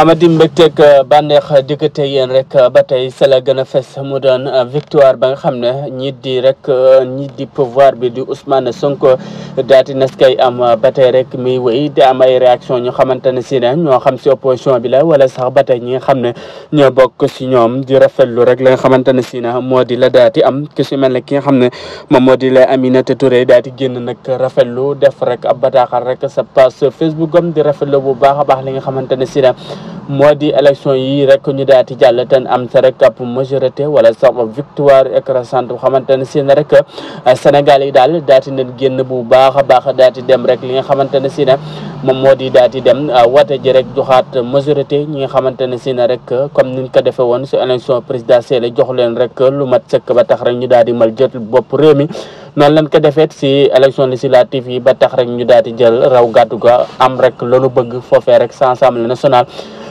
amati mbégteeg euh, bànneex diggante yéen rek euh, ba tey sa la gën a fes mu doon euh, victoire ba nga xam ne ñii di rek ñii di pouvoir bi di Ousmane Sonko daal di nas kay am ba tey rek mi wéy di am ay réaction ñu xamante ne si ne ñoo xam si opposition bi la wala sax ba tey ñi nga xam ne ñoo bokk si ñoom di rafetlu rek la nga xamante ne si ne moo di la daal am ki si mel ne ki nga xam ne moom moo di la Aminata ture daal di génn nag rafetlu def rek ab bataaxal rek sa page Facebook am di rafetlu bu baax a baax li nga xamante ne si moo di élection yi rek ñu daal di jàll ten am sa rek ab majorité wala sax victoire écrasante xamante ne rek ne rek euh, Sénégal yi daal daal di leen génn bu baax a baax daal di dem rek li nga xamante ne si ne moom moo di daal di dem euh, wate ji rek joxaat majorité ñi nga xamante ne si rek comme niñ ko defee woon su élection présidentielle jox leen rek lu mat sekk ba tax rek ñu daal di mal jot bopp réew mi noonu lañ ko defeet si élection législative yi ba tax rek ñu daal di jël raw gàddu ga am rek loolu bëgg foofee rek sa Assemblée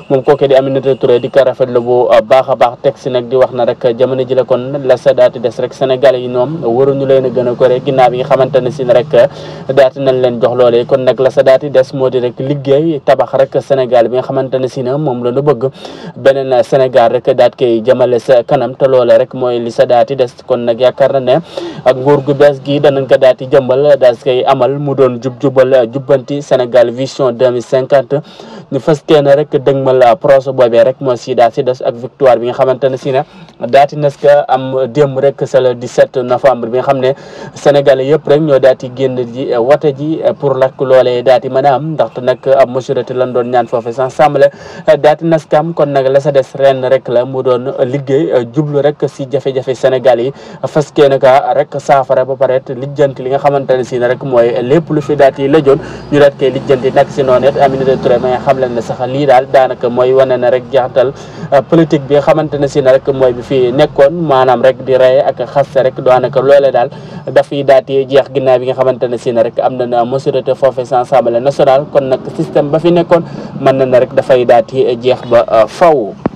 moom kooke di Aminata Touré di ko rafetlu bu baax a baax teg si nag di wax na rek jamono ji la kon la sa daati des rek sénégalais yi ñoom waruñu leen a gën a kore ginnaaw nga xamante ne si ne rek daati nañ leen jox loolee kon nag la sa daati des moo di rek liggéey tabax rek Sénégal bi nga xamante ne si ne moom la ñu bëgg beneen Sénégal rek daat koy jëmale sa kanam te loolee rek mooy li sa daati des kon nag yaakaar na ne ak nguur gu bees gi danañ ko daati jëmbal daas koy amal mu doon jub jubal jubbanti Sénégal vision 2050 ñu fas teene rek dëgmal procès boobee rek moo si daa si des ak victoire bi nga xamante ne si ne daati nes ka am démb rek c'est le 17 novembre bi nga xam ne sénégalais yëpp rek ñoo daati génn ji wote ji pour lak loolee daati mën a am ndaxte nag am majorité lan doon ñaan foofu Assemblée daati nes ka am kon nag la sa des ren rek la mu doon liggéey jublu rek si jafe-jafe Sénégal yi fas teene ka rek saafara ba pare lijjanti li nga xamante ne si rek mooy lépp lu fi daati la ñu daat koy lijjanti nag si noonu it Aminata Touré ma nga xam xamle ne sax lii daal daanaka mooy wane ne rek jaxatal euh, politique bi xamante ne si ne rek mooy bi fi nekkoon maanaam rek di rey ak xaste rek daanaka loole daal dafay daati jeex ginnaaw bi nga xamante ne si ne rek am na majorité foofee sa assemblée nationale kon nag système ba fi nekkoon mën na ne rek dafay daati jeex ba euh, faw